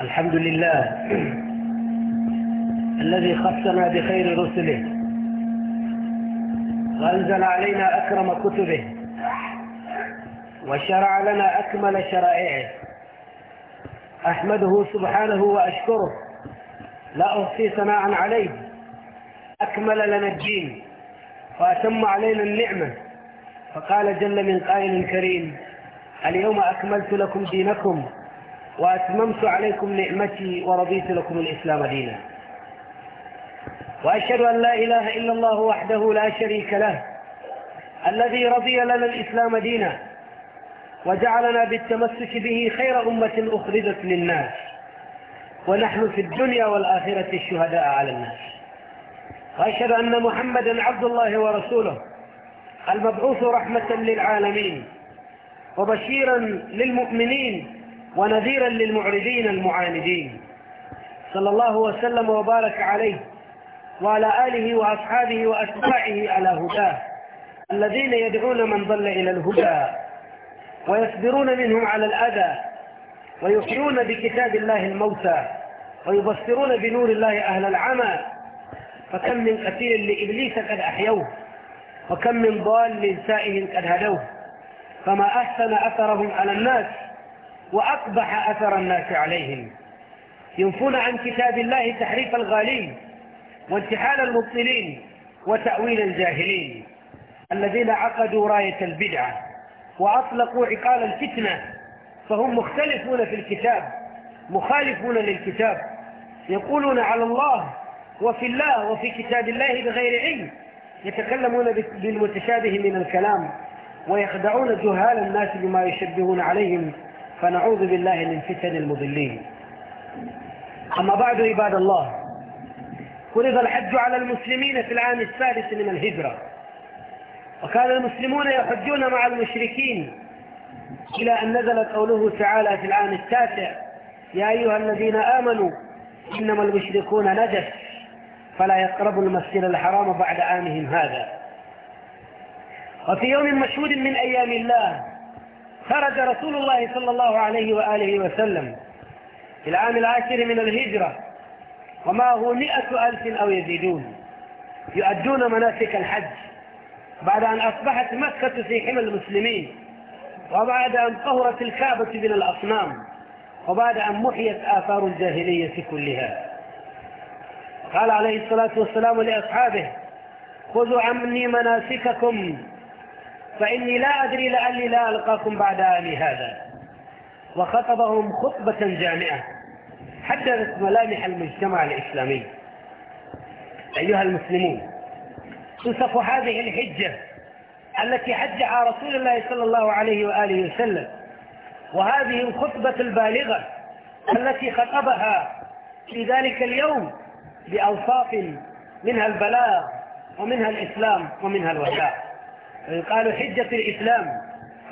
الحمد لله الذي خصنا بخير رسله وأنزل علينا أكرم كتبه وشرع لنا أكمل شرائعه أحمده سبحانه وأشكره لا أحصي ثناء عليه أكمل لنا الدين وأتم علينا النعمة فقال جل من قائل كريم اليوم أكملت لكم دينكم وأتممت عليكم نعمتي ورضيت لكم الإسلام دينا وأشهد أن لا إله إلا الله وحده لا شريك له الذي رضي لنا الإسلام دينا وجعلنا بالتمسك به خير أمة أخرجت للناس ونحن في الدنيا والآخرة الشهداء على الناس وأشهد أن محمدا عبد الله ورسوله المبعوث رحمة للعالمين وبشيرا للمؤمنين ونذيرا للمعرضين المعاندين صلى الله وسلم وبارك عليه وعلى آله وأصحابه وأتباعه على هداه الذين يدعون من ضل إلى الهدى ويصبرون منهم على الأذى ويحيون بكتاب الله الموتى ويبصرون بنور الله أهل العمى فكم من قتيل لإبليس قد أحيوه وكم من ضال سائه قد هدوه فما أحسن أثرهم على الناس وأقبح أثر الناس عليهم ينفون عن كتاب الله تحريف الغالين وانتحال المبطلين وتأويل الجاهلين الذين عقدوا راية البدعة وأطلقوا عقال الفتنة فهم مختلفون في الكتاب مخالفون للكتاب يقولون على الله وفي الله وفي كتاب الله بغير علم يتكلمون بالمتشابه من الكلام ويخدعون جهال الناس بما يشبهون عليهم فنعوذ بالله من فتن المضلين أما بعد عباد الله فرض الحج على المسلمين في العام الثالث من الهجرة وكان المسلمون يحجون مع المشركين إلى أن نزل قوله تعالى في العام التاسع يا أيها الذين آمنوا إنما المشركون نجس فلا يقربوا المسجد الحرام بعد عامهم هذا وفي يوم مشهود من أيام الله خرج رسول الله صلى الله عليه وآله وسلم في العام العاشر من الهجرة ومعه مئة ألف أو يزيدون يؤدون مناسك الحج بعد أن أصبحت مكة في حمى المسلمين وبعد أن طهرت الكعبة من الأصنام وبعد أن محيت آثار الجاهلية كلها قال عليه الصلاة والسلام لأصحابه خذوا عني مناسككم فإني لا أدري لعلي لا ألقاكم بعد عامي هذا وخطبهم خطبة جامعة حدثت ملامح المجتمع الإسلامي أيها المسلمون توصف هذه الحجة التي حجها رسول الله صلى الله عليه وآله وسلم وهذه الخطبة البالغة التي خطبها في ذلك اليوم بأوصاف منها البلاغ ومنها الإسلام ومنها الوداع قالوا حجة الإسلام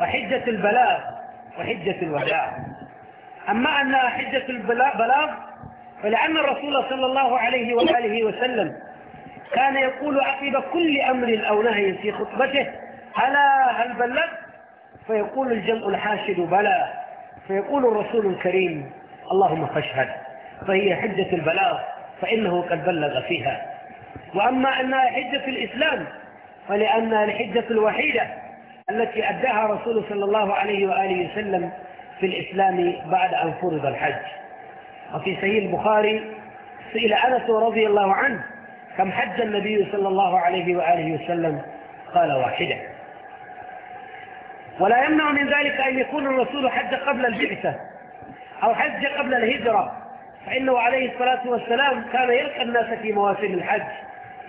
وحجة البلاغ وحجة الوداع أما أنها حجة البلاغ فلأن الرسول صلى الله عليه وآله وسلم كان يقول عقب كل أمر أو نهي في خطبته ألا هل بلغت فيقول الجمع الحاشد بلى فيقول الرسول الكريم اللهم فاشهد فهي حجة البلاغ فإنه قد بلغ فيها وأما أنها حجة الإسلام فلأنها الحجة الوحيدة التي أداها رسول صلى الله عليه وآله وسلم في الإسلام بعد أن فرض الحج وفي سهيل البخاري سئل أنس رضي الله عنه كم حج النبي صلى الله عليه وآله وسلم قال واحدة ولا يمنع من ذلك أن يكون الرسول حج قبل البعثة أو حج قبل الهجرة فإنه عليه الصلاة والسلام كان يلقى الناس في مواسم الحج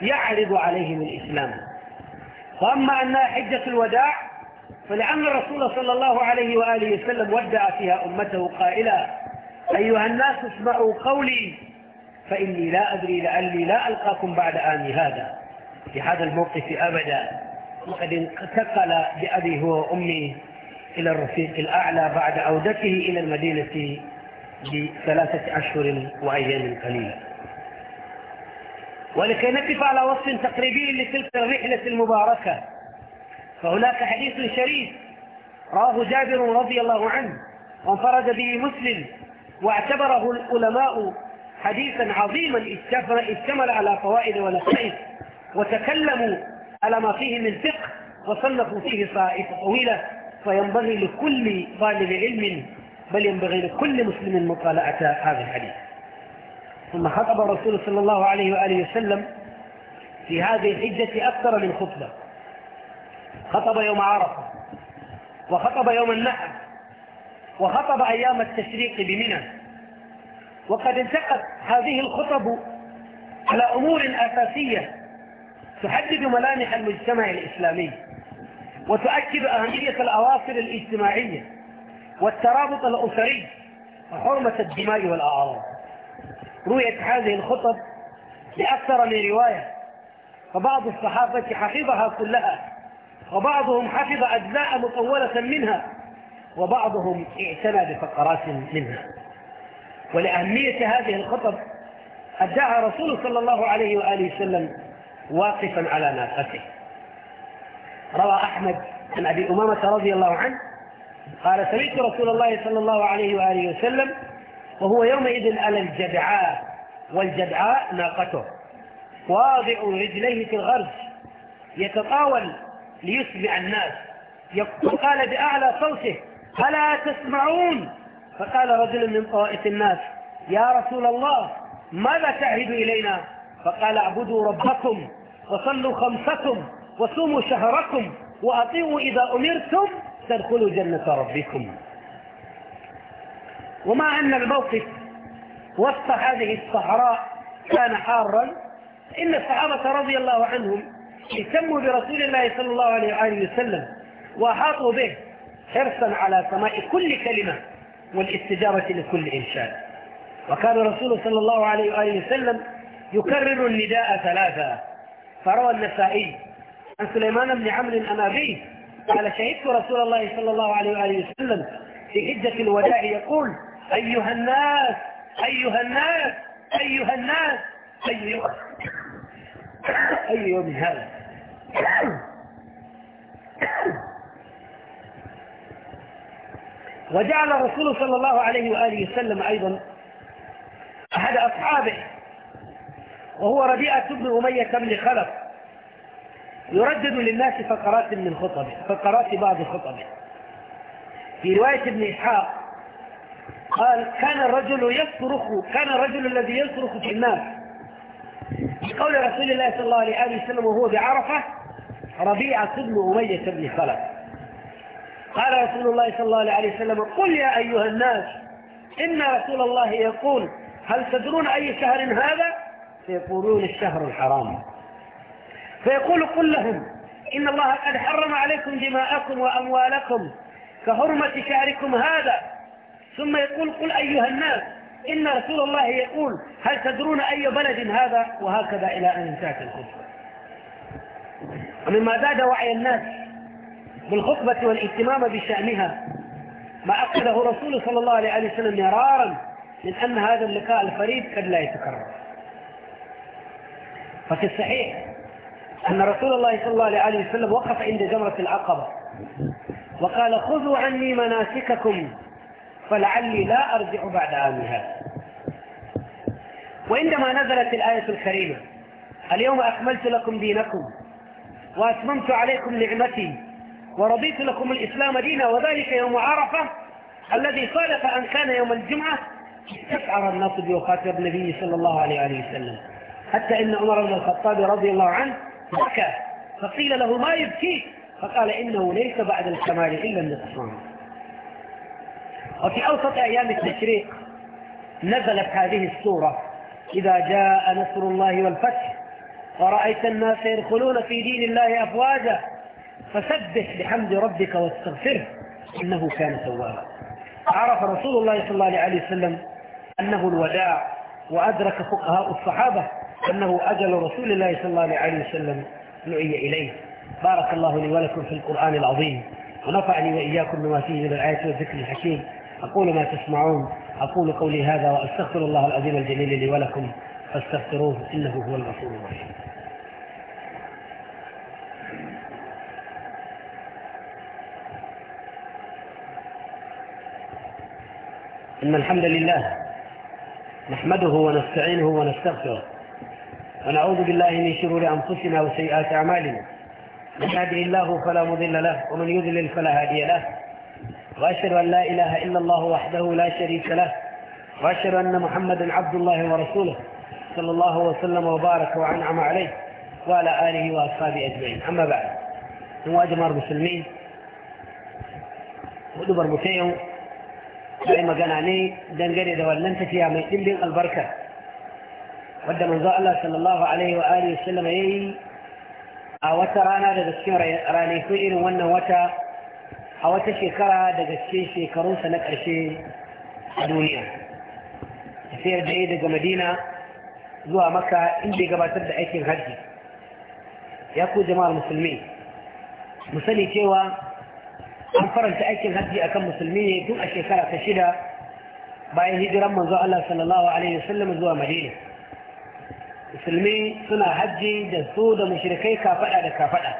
يعرض عليهم الإسلام وأما أنها حجة الوداع فلأن الرسول صلى الله عليه وآله وسلم ودع فيها أمته قائلا أيها الناس اسمعوا قولي فإني لا أدري لعلي لا ألقاكم بعد آني هذا في هذا الموقف أبدا وقد انتقل بأبي هو وأمي إلى الرفيق الأعلى بعد عودته إلى المدينة بثلاثة أشهر وأيام قليلة ولكي نقف على وصف تقريبي لتلك الرحلة المباركة فهناك حديث شريف راه جابر رضي الله عنه وانفرد به مسلم واعتبره العلماء حديثا عظيما اشتمل على فوائد ونصائح وتكلموا على ما فيه من فقه وصنفوا فيه صائف طويلة فينبغي لكل طالب علم بل ينبغي لكل مسلم مطالعة هذا الحديث ثم خطب الرسول صلى الله عليه وآله وسلم في هذه الحجة أكثر من خطبة خطب يوم عرفة وخطب يوم النحر وخطب أيام التشريق بمنى وقد انتقت هذه الخطب على أمور أساسية تحدد ملامح المجتمع الإسلامي وتؤكد أهمية الأواصر الاجتماعية والترابط الأسري وحرمة الدماء والأعراض رويت هذه الخطب لأكثر من رواية فبعض الصحابة حفظها كلها وبعضهم حفظ أجزاء مطولة منها وبعضهم اعتنى بفقرات منها ولأهمية هذه الخطب أدعى رسول صلى الله عليه وآله وسلم واقفا على ناقته روى أحمد عن أبي أمامة رضي الله عنه قال سمعت رسول الله صلى الله عليه وآله وسلم وهو يومئذ على الجدعاء والجدعاء ناقته واضع رجليه في الغرج يتطاول ليسمع الناس قال بأعلى صوته ألا تسمعون فقال رجل من طوائف الناس يا رسول الله ماذا تعهد إلينا فقال اعبدوا ربكم وصلوا خمسكم وصوموا شهركم وأطيعوا إذا أمرتم تدخلوا جنة ربكم ومع أن الموقف وسط هذه الصحراء كان حارا إن الصحابة رضي الله عنهم اهتموا برسول الله صلى الله عليه وآله وسلم وأحاطوا به حرصا على سماء كل كلمة والاستجابة لكل إنشاد وكان الرسول صلى الله عليه وآله وسلم يكرر النداء ثلاثة فروى النسائي عن سليمان بن عمرو الأنابي قال شهدت رسول الله صلى الله عليه وآله وسلم في حجة الوداع يقول أيها الناس أيها الناس أيها الناس أي يوم أي يوم هذا وجعل الرسول صلى الله عليه وآله وسلم أيضا أحد أصحابه وهو ربيعة بن أمية بن خلف يردد للناس فقرات من خطبه فقرات بعض خطبه في رواية ابن إسحاق قال كان الرجل يصرخ كان الرجل الذي يصرخ في الناس بقول رسول الله صلى الله عليه وسلم وهو بعرفة ربيعة بن أمية بن خلف قال رسول الله صلى الله عليه وسلم قل يا أيها الناس إن رسول الله يقول هل تدرون أي شهر هذا؟ فيقولون الشهر الحرام فيقول قل لهم إن الله قد حرم عليكم دماءكم وأموالكم كحرمة شعركم هذا ثم يقول قل أيها الناس إن رسول الله يقول هل تدرون أي بلد هذا وهكذا إلى أن انتهت الخطبة ومما زاد وعي الناس بالخطبة والاهتمام بشأنها ما أقده رسول صلى الله عليه وسلم مرارا من أن هذا اللقاء الفريد قد لا يتكرر ففي الصحيح أن رسول الله صلى الله عليه وسلم وقف عند جمرة العقبة وقال خذوا عني مناسككم فلعلي لا أرجع بعد عام هذا وعندما نزلت الآية الكريمة اليوم أكملت لكم دينكم وأتممت عليكم نعمتي ورضيت لكم الإسلام دينا وذلك يوم عرفة الذي صادف أن كان يوم الجمعة استشعر الناس بوفاة النبي صلى الله عليه وسلم حتى إن عمر بن الخطاب رضي الله عنه بكى فقيل له ما يبكيك فقال إنه ليس بعد الكمال إلا النقصان وفي أوسط أيام التشريق نزلت هذه السورة إذا جاء نصر الله والفتح ورأيت الناس يدخلون في دين الله أفواجا فسبح بحمد ربك واستغفره إنه كان توابا عرف رسول الله صلى الله عليه وسلم أنه الوداع وأدرك فقهاء الصحابة أنه أجل رسول الله صلى الله عليه وسلم نعي إليه بارك الله لي ولكم في القرآن العظيم ونفعني وإياكم بما فيه من الآيات والذكر الحكيم أقول ما تسمعون أقول قولي هذا وأستغفر الله العظيم الجليل لي ولكم فاستغفروه إنه هو الغفور الرحيم إن الحمد لله نحمده ونستعينه ونستغفره ونعوذ بالله من شرور أنفسنا وسيئات أعمالنا من يهدي الله فلا مضل له ومن يضلل فلا هادي له وأشهد أن لا إله إلا الله وحده لا شريك له وأشهد أن محمدا عبد الله ورسوله صلى الله وسلم وبارك وأنعم عليه وعلى آله وأصحابه أجمعين أما بعد مواجمة المسلمين ودبر متيو دائما قال عليه دنقري دولنت فيها من البركه wadda manzo Allah sallallahu alaihi wa alihi wasallam yayi a wata rana daga cikin ko irin wannan wata a wata shekara daga cikin shekarunsa na ƙarshe a duniya tafiyar da ya daga madina zuwa Makka inda ya gabatar da aikin hajji ya ku jama'ar musulmi mu sani cewa an faranta aikin hajji akan musulmi ne tun a shekara ta shida bayan hijiran manzo Allah sallallahu alaihi wasallam zuwa madina musulmi suna hajji da su da mushrikai kafada da kafada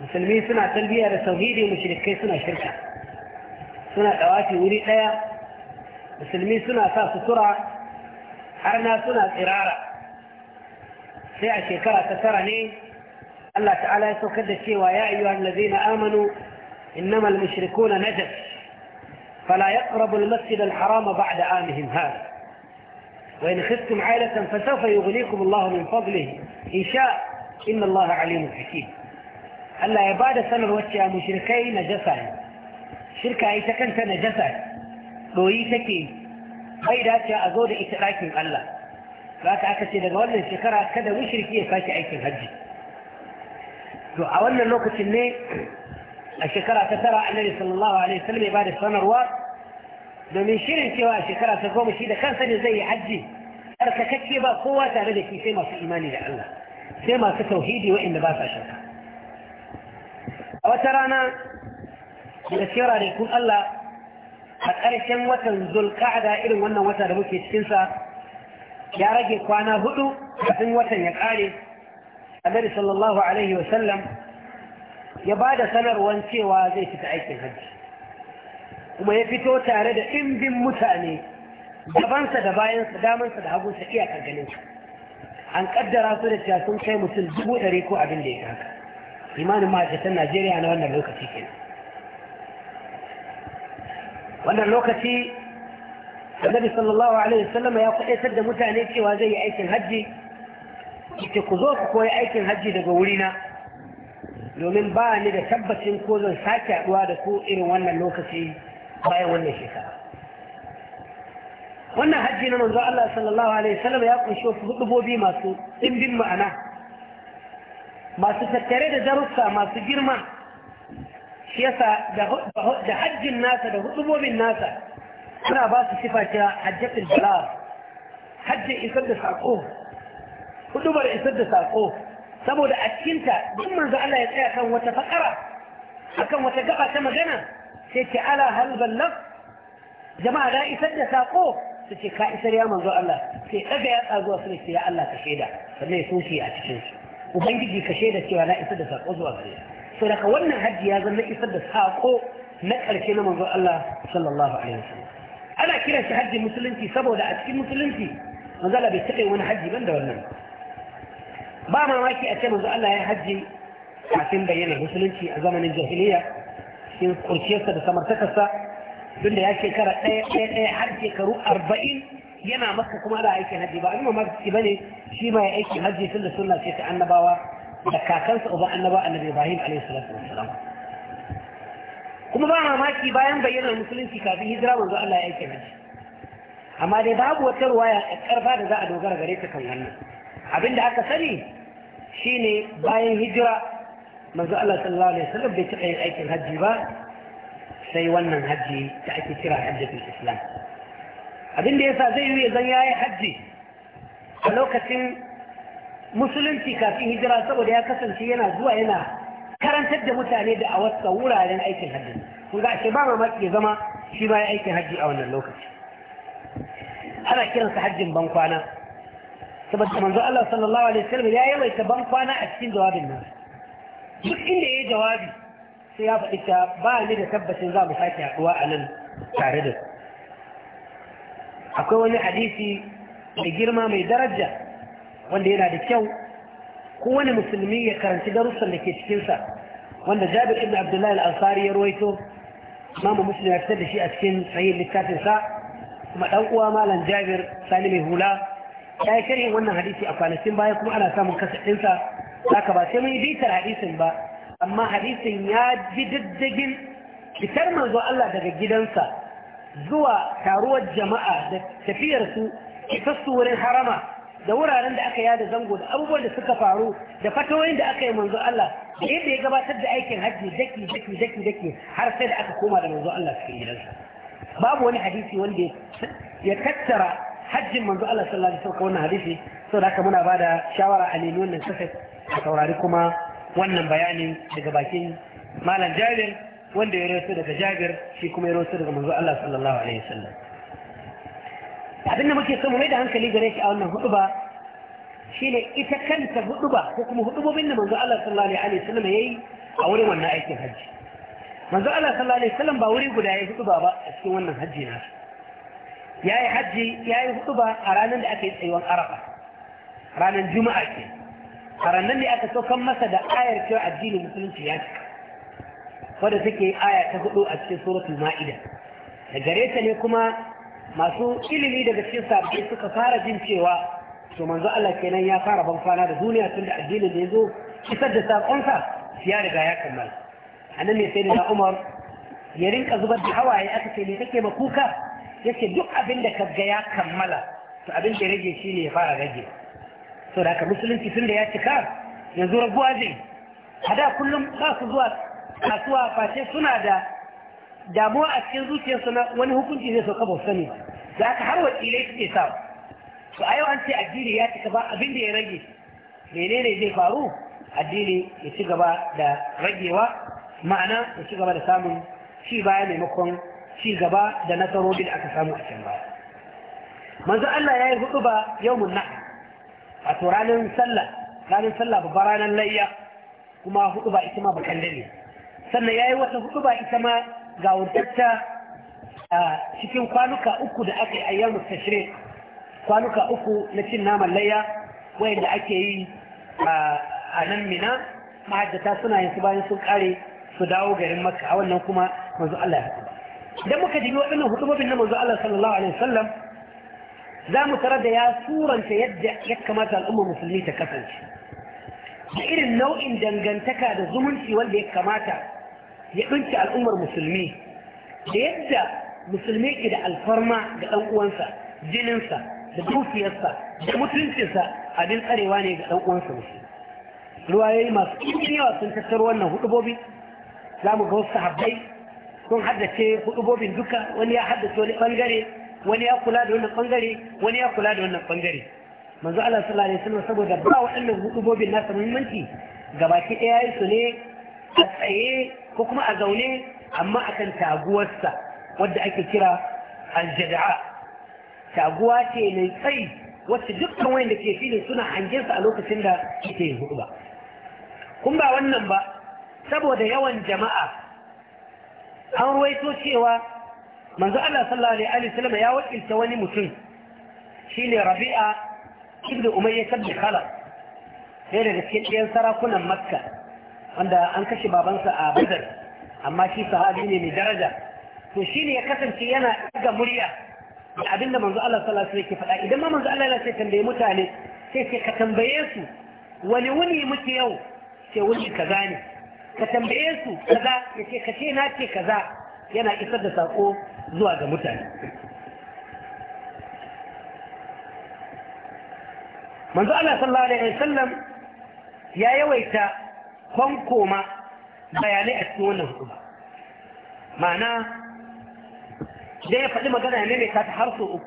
musulmi suna talbiya da tauhidi mushrikai suna shirka suna dawafi wuri daya musulmi suna sa sutura har na suna tsirara sai a shekara ta tara ne Allah ta'ala ya saukar da cewa ya ayyuhan allazina amanu innamal mushrikuna najas fala yaqrabu al-masjid al-harama ba'da amihim hada وإن خفتم عائلة فسوف يغنيكم الله من فضله إن شاء إن الله عليم حكيم الله عبادة سنر وجه مشركي نجسا شركة إتكنت نجسا رويتك خيرات أزود إتراك من الله فأك إذا لقوانا الشكرة كذا مشركي فاشي أيك الهج أولا نوكة الليل الشكرة تترى النبي صلى الله عليه وسلم عبادة سنر وجه domin shirin cewa a shekara ta goma shi da kansa ne zai yi hajji tsarkakakke ba kowa tare da shi sai masu imani da Allah sai masu tauhidi waɗanda ba sa shakka a wata rana da shira da kun Allah a ƙarshen watan zulka'ada irin wannan wata da muke cikinsa ya rage kwana hudu kafin watan ya ƙare annabi sallallahu alaihi wasallam ya ba da sanarwar cewa zai fita aikin hajji kuma ya fito tare da ɗimbin mutane gabansa da bayansa damansa da hagunsa iyakar ganinsa an kaddara su da cewa sun kai mutum dubu ɗari ko abin da ya haka imanin ma'aikatan najeriya na wannan lokaci kenan wannan lokaci annabi sallallahu alaihi wasallam ya kwaɗaitar da mutane cewa zai yi aikin hajji ita ku zo ku koyi aikin hajji daga wurina domin ba ni da tabbacin ko zan sake haɗuwa da ku irin wannan lokaci bayan wannan shekara wannan hajji na manzo Allah sallallahu alaihi wasallam ya kunshi wasu hudubobi masu dimbin ma'ana masu tattare da darussa masu girma shi yasa da hajjin nasa da hudubobin nasa suna ba su sifa ta hajjatul balagh hajjin isar da saƙo hudubar isar da saƙo saboda a cikinta duk manzo Allah ya tsaya kan wata fakara akan wata gaba ta magana sai ce ala hal ballag jama'a na isar da sako su ce ka isar ya manzo Allah sai daga ya tsago su ne ya Allah ka shaida sannan ya soke a cikin su ubangiji ka shaida cewa na isar da sako zuwa gare su daga wannan hajji ya zama isar da sako na ƙarshe na manzo Allah sallallahu alaihi wasallam ana kiran shi hajji musulunci saboda a cikin musulunci manzo Allah bai taɓa wani hajji ban da wannan ba mamaki a ce manzo Allah ya hajji kafin bayyana musulunci a zamanin jahiliya cikin kurciyarsa da samartakarsa tunda ya shekara ɗaya ɗaya ɗaya har shekaru arba'in yana maka kuma da aikin hajji ba abin mamaki ba ne shi ya aiki hajji tun da sunna ce ta annabawa da kakansa uban annaba annabi ibrahim alaihi salatu wassalam kuma ba mamaki bayan bayyana musulunci kafin hijira manzo Allah ya aike hajji amma dai babu wata ruwaya karfa da za a dogara gare ta kan wannan abin da aka sani shine bayan hijira manzo Allah sallallahu alaihi wasallam bai taɓa yin aikin hajji ba sai wannan hajji da ake kira hajjatul islam abin da yasa zai yi zan yayi hajji a lokacin musulunci kafin hijira saboda ya kasance yana zuwa yana karantar da mutane da a wasu wuraren aikin hajji kun ga ashe ba mamaki ya zama shi ba ya aikin hajji a wannan lokaci ana kiransa hajjin bankwana saboda manzo Allah sallallahu alaihi wasallam ya yawaita bankwana a cikin jawabin nan duk inda ya jawabi sai ya faɗi ta ba ni da tabbacin za mu sake haɗuwa a nan tare da su akwai wani hadisi mai girma mai daraja wanda yana da kyau kowane musulmi ya karanci darussan da ke cikinsa wanda jabir ibn abdullahi al-ansari ya ruwaito imamu ya fitar da shi a cikin sahih littafin sa kuma dan uwa malam jabir sani mai hula ya yi sharhin wannan hadisi a kwanakin baya kuma ana samun kasa ɗinsa haka ba sai mun yi bitar hadisin ba amma hadisin ya ji diddigin fitar manzo Allah daga gidansa zuwa taruwar jama'a da tafiyar su su wurin harama da wuraren da aka yada zango da abubuwan da suka faru da fatoyin da aka yi manzo Allah da yadda ya gabatar da aikin hajji daki daki daki daki har sai da aka koma da manzo Allah cikin gidansa babu wani hadisi wanda ya tattara hajjin manzo Allah sallallahu alaihi wasallam wannan hadisi saboda haka muna bada shawara a nemi wannan kasafin a saurari kuma wannan bayanin daga bakin malam jabir wanda ya rasu daga jabir shi kuma ya rasu daga manzo Allah sallallahu alaihi wasallam abinda muke so mu mai da hankali gare shi a wannan huduba shine ita kanta huduba ko kuma hudubobin da manzo Allah sallallahu alaihi wasallam yayi a wurin wannan aikin hajji manzo Allah sallallahu alaihi wasallam ba wuri guda yayi huduba ba a cikin wannan hajji na yayi hajji yayi huduba a ranar da aka yi tsayuwar arafa ranar juma'a ke farannan ne aka saukan masa da ayar cewa addinin musulunci ya cika wadda take aya ta hudu a cikin suratul ma'ida da gare ta ne kuma masu ilimi daga cikin sabbi suka fara jin cewa to manzo Allah kenan ya fara bankwana da duniya tun da addinin da ya zo kisar da sakonsa ya riga ya kammala annan ne sai da Umar ya rinka zubar da hawaye aka ce ne kake makuka yace duk abin da ka ga ya kammala to abin da rage shine ya fara rage sau da aka musulunci tun da ya cika yanzu raguwa zai hada kullum ba su zuwa kasuwa face suna da damuwa a cikin zuciyarsu na wani hukunci zai sauka ba sani da aka har wakilai suke sa su a yau an ce addini ya cika ba abin da ya rage menene zai faru addini ya ci gaba da ragewa ma'ana ya ci gaba da samun ci baya maimakon ci gaba da nasarori da aka samu a can baya manzo Allah ya yi hudu ba yau mun na'a a ranar sallah ranar sallah babbar ranar layya kuma hudu ba ita ma bakan ne sannan ya yi wata hudu ba ita ma ga wurtatta a cikin kwanuka uku da aka yi a yau tashirin kwanuka uku na cin naman layya wayanda ake yi a nan mina mahajjata suna yin su bayan sun kare su dawo garin makka a wannan kuma manzo Allah ya idan muka dibi waɗannan hutubobin na manzo Allah sallallahu alaihi wasallam za mu tarar da ya suranta yadda ya kamata al'umma musulmi ta kasance da irin nau'in dangantaka da zumunci wanda ya kamata ya ɗunci al'ummar musulmi da yadda musulmi ke da alfarma ga ɗan'uwansa, jininsa da dukiyarsa da mutuncinsa abin tsarewa ne ga ɗan uwansa musulmi ruwayoyi masu ɗimbin yawa sun wannan hudubobi za mu ga wasu sahabbai sun haddace hudubobin duka wani ya haddace wani ɓangare wani ya kula da wannan bangare wani ya kula da wannan bangare manzo Allah sallallahu alaihi wasallam saboda ba waɗannan hudubobin nasa muhimmanci gabaki ɗaya yayin su ne a tsaye ko kuma a zaune amma akan taguwarsa wadda ake kira aljada'a taguwa ce mai tsayi wacce dukkan wanda ke filin suna hangen su a lokacin da kike hudu ba kun ba wannan ba saboda yawan jama'a an ruwaito cewa manzo Allah sallallahu alaihi wasallam ya wakilta wani mutum shine Rabi'a ibn Umayya ibn Khalaf sai daga cikin ɗayan sarakunan Makka wanda an kashe babansa a Badr amma shi sahabi ne mai daraja to shine ya kasance yana daga murya da abinda manzo Allah sallallahu alaihi wasallam yake faɗa idan ma manzo Allah ya sai tambaye mutane sai ce ka tambaye su wani wuni muke yau ce wuni kaza ne ka tambaye su kaza ya ce ka ce na ce kaza yana isar da sako zuwa ga mutane manzo Allah sallallahu alaihi wasallam ya yawaita kwankoma bayanai a cikin wannan hukuma ma'ana dai ya faɗi magana ne mai kata har uku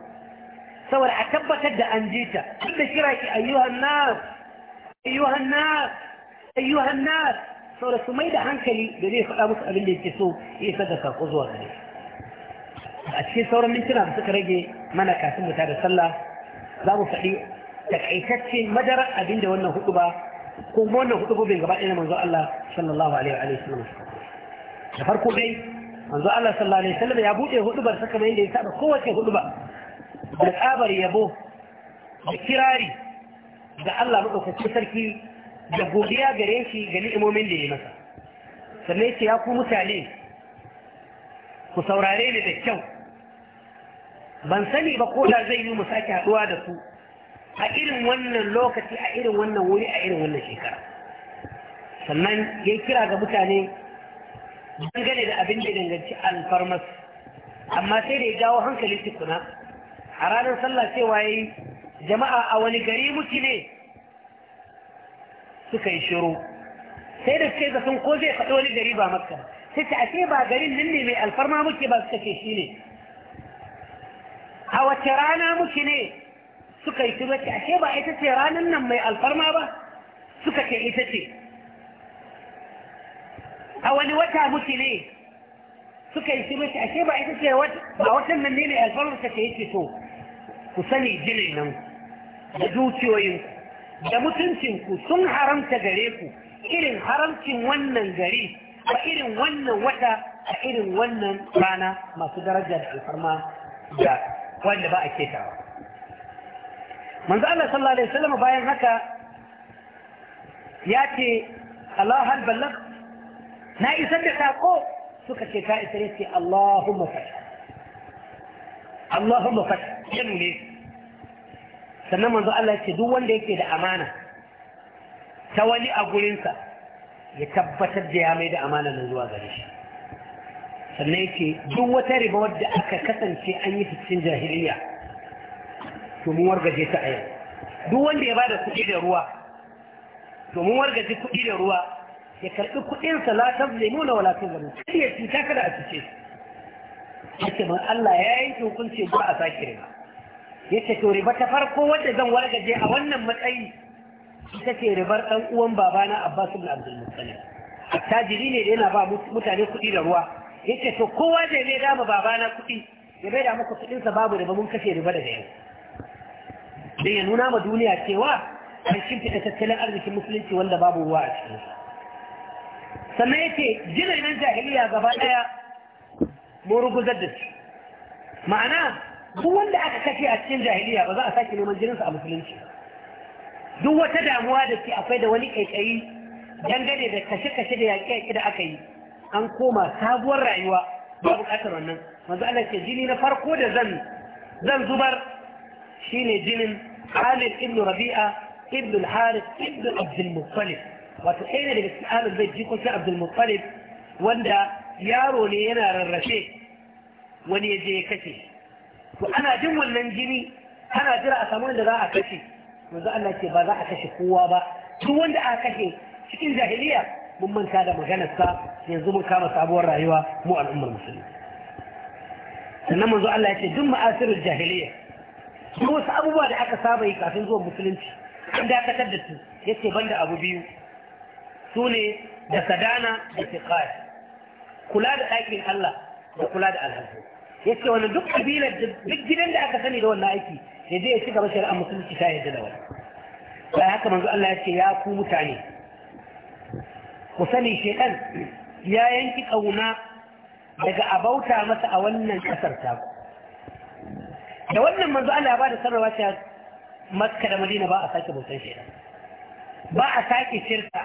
saboda a tabbatar da an ji ta duk da kira ki ayyuhan nas ayyuhan nas ayyuhan nas saboda su mai da hankali da zai faɗa musu abin da yake so ya isa da sako zuwa gare a cikin sauran mintuna da suka rage mana kafin mu da sallah za mu faɗi takaitacce madarar abin da wannan hudu ba ko wannan hudu bin gaba ɗaya manzo Allah sallallahu alaihi wa sallam da farko dai manzo Allah sallallahu alaihi wa sallam ya buɗe hudubar saka mai da ya saba kowace huduba da tsabar yabo da kirari da Allah maɗaukacin sarki da godiya gare shi ga ni'imomin da ya masa sannan ce ya ku mutane ku saurare ni da kyau ban sani ba ko da zai yi mu sake haɗuwa da su a irin wannan lokaci a irin wannan wuri a irin wannan shekara sannan ya kira ga mutane dangane da abin da danganci alfarmas amma sai da ya jawo hankali tukuna a ranar sallah cewa ya yi jama'a a wani gari muke ne suka yi shiru sai da suke da sun ko zai faɗi wani gari ba makka sai ta ake ba garin nan ne mai alfarma muke ba suka ce shi ne a wace rana muke ne suka yi shiru ta ake ba ita ce ranar nan mai alfarma ba suka ce ita ce a wani wata muke ne suka yi shiru ta ake ba ita ce ba watan nan ne mai alfarma suka ce yake to ku sani jinin nan da dukiyoyinku da mutuncinku sun haramta gare ku irin haramcin wannan gari a irin wannan wata a irin wannan rana masu daraja da alfarma da wanda ba a ketawa manzo Allah sallallahu alaihi wasallam bayan haka ya ce Allah hal ballag na isa da sako suka ce ka ya ce Allahumma fatah Allahumma yan ne! sannan manzo Allah ya ce duk wanda yake da amana ta wani a gurinsa ya tabbatar da ya mai da amana nan zuwa gare shi sannan yake duk wata riba wadda aka kasance an yi cikin jahiliya to mun wargaje ta a yau duk wanda ya bada kuɗi da ruwa to mun wargaje kuɗi da ruwa ya karɓi kuɗinsa la tazlimuna wala tuzlamun kada ya cuta kada a cuce shi yake man Allah ya yi hukunci ba a sake riba yake to riba ta farko wanda zan wargaje a wannan matsayi ita ce ribar dan uwan babana Abbas ibn Abdul Muttalib attajiri ne da yana ba mutane kuɗi da ruwa yake to kowa zai bai dama babana kuɗi ya bai da muku kuɗin sa babu riba mun kashe riba da yau da ya nuna ma duniya cewa an fita tattalin arzikin musulunci wanda babu ruwa a cikin sannan yace jinainan jahiliya gaba ɗaya mun rugu da ma'ana duk wanda aka kashe a cikin jahiliya ba za a sake neman jininsa a musulunci duk wata damuwa da ke akwai da wani kaikayi dangane da kashe-kashe da yaƙe-yaƙe da aka yi an koma sabuwar rayuwa ba buƙatar wannan Wanzu Allah ce jini na farko da zan zan zubar shine jinin Khalid ibn Rabi'a ibn al-Harith ibn Abdul Muttalib wato ɗaya daga cikin ahlul bait jikokin Abdul Muttalib wanda yaro ne yana rarrashe wani ya je ya kashe to ana jin wannan jini ana jira a samu da za a kashe yanzu Allah ce ba za a kashe kowa ba duk wanda aka kashe cikin jahiliya mun manta da maganar sa yanzu mun kama sabuwar rayuwa mu al'ummar musulmi sannan manzo Allah ya ce duk ma'asirul jahiliya duk wasu abubuwa da aka saba yi kafin zuwa musulunci an dakatar da su yace banda abu biyu su ne da sadana da tiqaya kula da aikin Allah da kula da alhaji ya ce wani duk kabilar duk gidan da aka sani da wannan aiki ya je ya ci gaba shari'a musulunci ta yadda da wani ba haka manzo Allah ya ce ya ku mutane ku sani shekan ya yanki kauna daga abauta masa a wannan kasar ta da wannan manzo Allah ya ba da sarrafa ta makka da madina ba a sake bautan shekan ba a sake shirka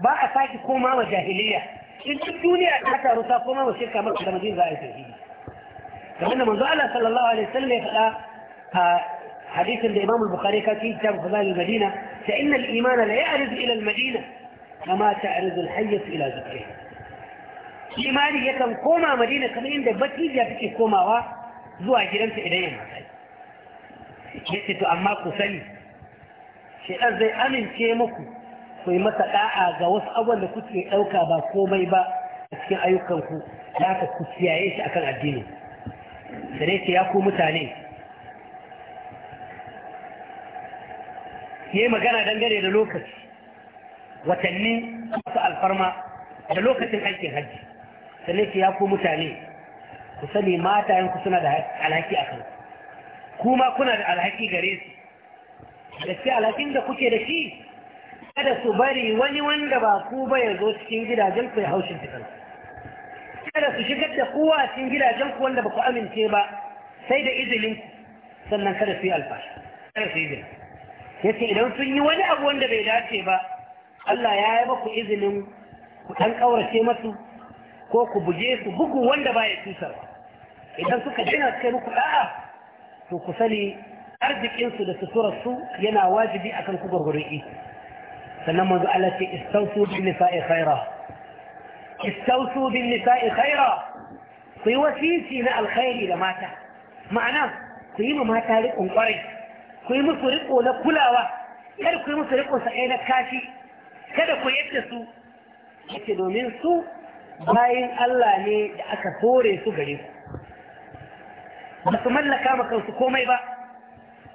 ba a sake koma wa jahiliya in duk duniya ta taru ta koma wa shirka makka da madina za a yi tauhidi كمان من قال صلى الله عليه وسلم حديث الإمام البخاري كان كتاب فضائل المدينة فإن الإيمان لا يعرض إلى المدينة كما تعرض الحية إلى ذكرها الإيمان يكن كوما مدينة كما إن دبت نجي فيك كوما وا جيران أجرم سئلين يسيت أما قسلي شئان زي أمن كيمكو في متى لا أعزوص أول لكتل أوكا با كومي با أسكن أيوكا لا تكتل سياعيش أكل الدينه sai ne ce ya ku mutane ya yi magana dangane da lokaci watanni masu alfarma da lokacin aikin hajji sai ne ce ya ku mutane ku sani matayenku suna da alhaki a kan kuma kuna da alhaki gare su da shi alhakin da kuke da shi kada su bari wani wanda ba ku ba ya zo cikin gidajen ku ya haushin fitar kada su shigar da kowa a cikin gidajen ku wanda ba ku amince ba sai da izinin sannan kada su yi alfashi kada su yi izini yace idan sun yi wani abu wanda bai dace ba Allah ya yi ku izinin ku ɗan ƙaurace masu ko ku buje su bugu wanda ba ya tusarwa idan suka jina kai muku ɗa'a to ku sani arzikinsu da su yana wajibi akan ku gwargwaron sannan manzo Allah ce istausu bi nisa'i khaira istausu bin nisa'i khaira ku yi wasisi na alkhairi da mata ma'ana kuyi yi ma mata riƙon kwarai. Kuyi musu riƙo na kulawa kada ku musu riƙon sa'ai na kashi kada ku yadda su yake domin su bayan Allah ne da aka hore su gare ku ba su mallaka ma kansu komai ba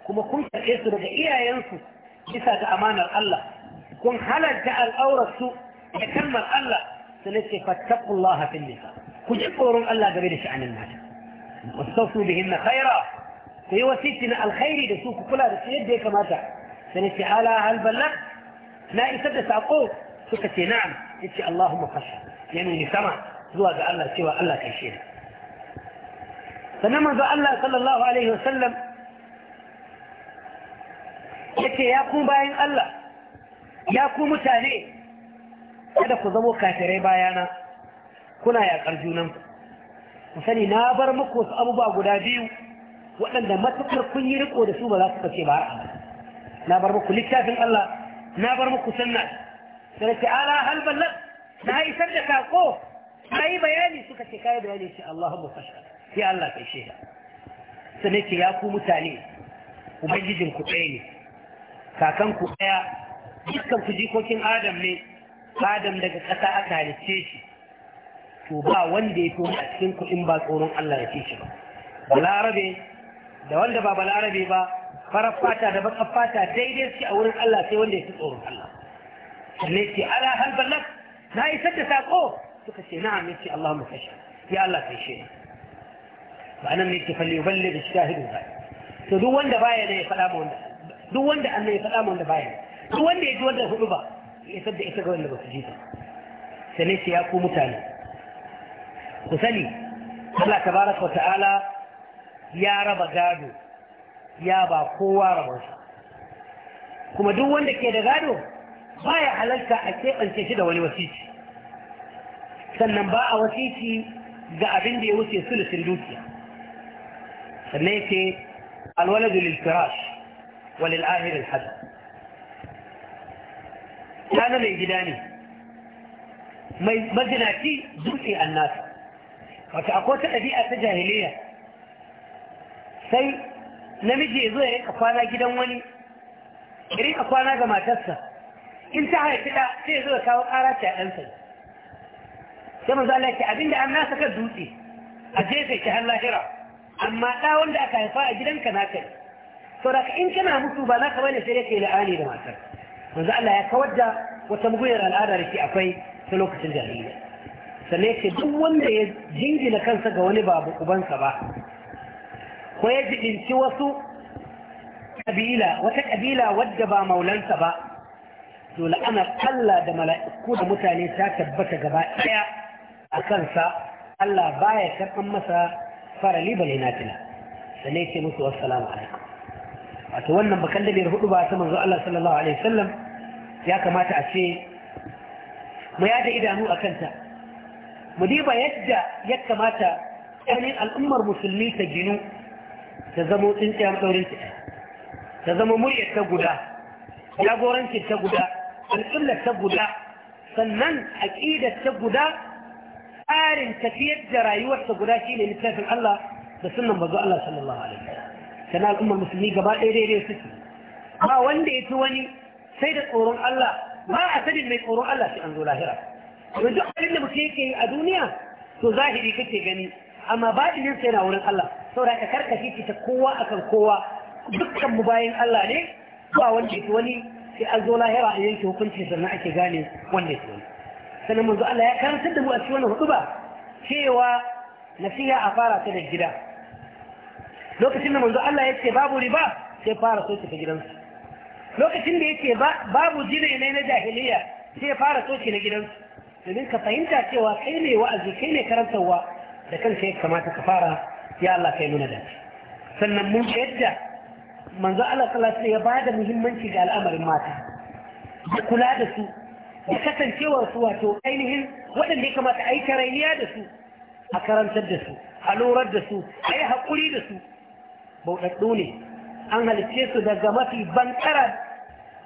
kuma kun karɓe daga iyayensu bisa ga amanar Allah kun halarta al'aurarsu da kalmar Allah سلسك فاتقوا الله في النساء كجبور الله قبلش عن الناس واستوصوا بهن خيرا في وسيتنا الخير دسوك كلها دسيد ديك ماتا سلسك على هل بلغ لا يسدس أقول سكتي نعم يتي اللهم خشى يعني سمع زوا قال الله سوى الله كيشير فنما قال الله صلى الله عليه وسلم يكي يا قوم باين الله يا قوم mutane kada ku zamo kafirai bayana kuna yaƙar junanku ku sani na bar muku wasu abubuwa guda biyu waɗanda matukar kun yi riko da su ba za su kace ba na bar muku littafin Allah na bar muku sunna sai ta ala hal ballan na isar da kako na yi bayani suka ce kai bayani shi Allahumma fashhad ya Allah kai shaida sai ce ya ku mutane ubangijin ku ɗaya ne kakan ku ɗaya dukkan ku jikokin Adam ne adam daga ƙasa aka halice shi to ba wanda ya fi a cikin kuɗin ba tsoron Allah ya ce shi ba balarabe da wanda ba balarabe ba farar fata da baƙar fata daidai suke a wurin Allah sai wanda ya fi tsoron Allah sannan ce ala hal ballak na yi da saƙo suka ce na'am ya ce Allah mu kashe ya Allah kai shi ba nan ne ke falle balle da shi shahidin ba to duk wanda baya ne ya faɗa ma wanda duk wanda Allah ya faɗa ma wanda baya duk wanda ya ji wanda hudu ba ya isar da ga wanda ba su ji ta sai ya ku mutane ku sani Allah tabaraka ta'ala ya raba gado ya ba kowa rabansa kuma duk wanda ke da gado baya halarta a keɓance shi da wani wasici sannan ba a wasici ga abin da ya wuce sulusin dukiya sannan yake alwaladu lil firash wa lil ahir al ya mai gida ne mai majinaci dutse an nasa wata akwai ta ɗabi'a ta jahiliya sai namiji ya zo ya rika kwana gidan wani ya rika kwana ga matarsa in ta haifi ɗa sai ya zo ya kawo ƙara ta ɗansa sai manzo Allah ya abinda an nasa kan dutse a jefe ki har lahira amma ɗa wanda aka haifa a gidanka na kai saboda in kana mutu ba za ka bane sai dai kai la'ani da matarsa manzo Allah ya kawar da wata muguyar al'ada da ke akwai ta lokacin jahiliya sannan yake duk wanda ya jingina kansa ga wani babu ubansa ba ko ya jibinci wasu kabila wata kabila wadda ba maulansa ba to la'anar Allah da mala'iku da mutane ta tabbata gaba ɗaya a kansa Allah baya karɓan masa farali bale na tila sannan yake musu wassalamu alaikum wato wannan bakan da biyar hudu ba ta manzo Allah sallallahu alaihi wasallam ya kamata a ce mu yada idanu a kanta mu diba yadda ya kamata ɗanin al'ummar musulmi ta ginu ta zamo tsinciyar tsaurin ta ta zama muryar ta guda jagorancin ta guda alƙillar ta guda sannan aƙidar ta guda tsarin tafiyar da rayuwar ta guda shine littafin Allah da sunan bazo Allah sallallahu alaihi wasallam kana al'ummar musulmi gaba ɗaya daidai suke ba wanda ya fi wani sai da tsoron Allah ba a sanin mai tsoron Allah sai an zo lahira to duk abin da mutum yake yi a duniya to zahiri kake gani amma baɗinin sai na wurin Allah saboda ka karkace ki ta kowa akan kowa dukkan mu bayan Allah ne ba wanda ya fi wani sai an zo lahira a yanke hukunci sannan ake gane wanda ya fi wani sannan manzo Allah ya karantar da mu a cikin wannan hudu ba cewa nasiha a fara ta da gida lokacin da manzo Allah ya babu riba sai fara soke ta gidansu lokacin da ya babu jire ne na jahiliya sai fara soke na gidansu domin ka fahimta cewa kai ne wa'azi kai ne karantarwa da kanka ya kamata ka fara ya Allah kai nuna dace sannan mun yadda manzo Allah sallallahu alaihi ya bada muhimmanci ga al'amarin mata ya kula da su ya kasancewa su wato ainihin waɗanda ya kamata a yi tarayya da su a karantar da su a lurar da su a yi haƙuri da su bauɗaɗɗu ne an halicce su daga mafi bankara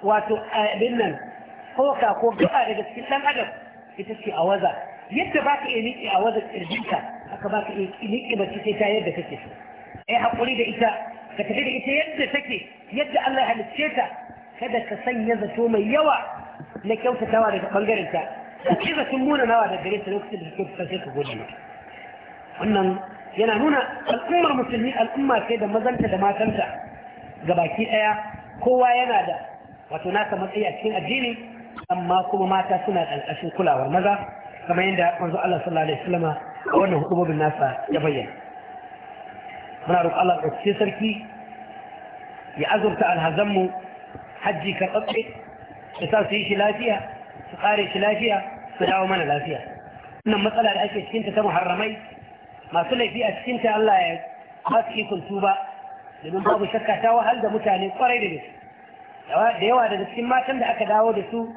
wato abin nan koka ko gaba daga cikin ɗan adam ita ce a waza yadda ba ka iya niƙe a waza ƙirjinka haka ba ka iya niƙe mace sai ta yadda take so ai haƙuri da ita ka tafi da ita yadda take yadda Allah ya halicce ta kada ka sanya zato mai yawa na kyautatawa daga ɓangaren ta ka ci zaton muna nawa daga gare ta lokacin da ka kyautata sai ka gode mata wannan yana nuna al'ummar musulmi al'umma sai da mazanta da matanta gabaki ɗaya kowa yana da wato nasa matsayi a cikin addini amma kuma mata suna ƙarƙashin kulawar maza kamar yadda manzo Allah sallallahu alaihi wasallam a wannan hudubobin nasa ya bayyana muna roƙon Allah ɗauki sarki ya azurta alhazanmu hajji karɓaɓɓe ya sa su yi shi lafiya su ƙare shi lafiya su dawo mana lafiya wannan matsala da ake cikinta ta muharramai masu laifi a cikin ta Allah ya ba su ikon tuba domin babu shakka ta wahal da mutane kwarai da gaske da yawa daga cikin matan da aka dawo da su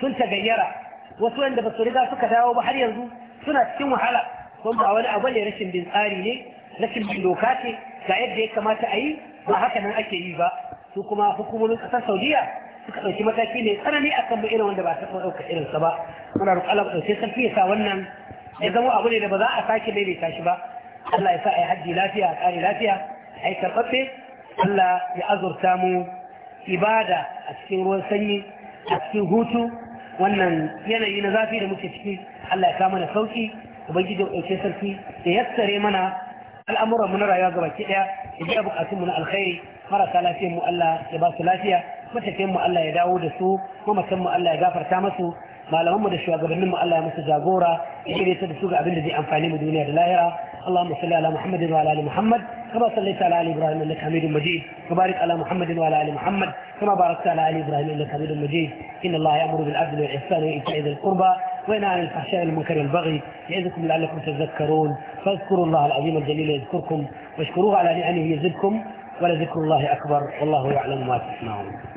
sun ta gayyara wasu wanda ba su riga suka dawo ba har yanzu suna cikin wahala kuma ba wani abu ne rashin bin tsari ne rashin bin doka ce ga yadda ya kamata a yi ba haka nan ake yi ba su kuma hukumomin ƙasar saudiya suka ɗauki mataki ne tsanani akan ba irin wanda ba ta ɗauka irinsa ba muna roƙon Allah ɗauke sarki ya sa wannan ya zama abu ne da ba za a sake daidaita shi ba Allah ya sa a yi hajji lafiya a kare lafiya a yi karɓaɓɓe Allah ya azurta mu ibada a cikin ruwan sanyi a cikin hutu wannan yanayi na zafi da muke ciki Allah ya kama na sauki ubangiji ɗauke sarki da yassare mana al'amuran mu na rayuwa gaba ki ɗaya ya biya bukatun mu na alkhairi marasa lafiyar mu Allah ya ba su lafiya matafiyan mu Allah ya dawo da su mamatan mu Allah ya gafarta masu malaman mu da shugabannin mu Allah ya musu jagora ya shirye ta da su ga abin da zai amfani mu duniya da lahira Allahumma salli ala Muhammadin wa ala ali Muhammad kama sallaita ala ali Ibrahim innaka Hamidum Majid wa barik ala Muhammadin wa ala ali Muhammad kama barakta ala ali Ibrahim innaka Hamidum Majid inna Allah ya'muru bil adli wal ihsani wa ita'i dhil qurba وينهى عن الفحشاء والمنكر والبغي يعظكم لعلكم تذكرون فاذكروا الله العظيم الجليل يذكركم واشكروه على نعمه يزدكم ولذكر الله أكبر والله يعلم ما تصنعون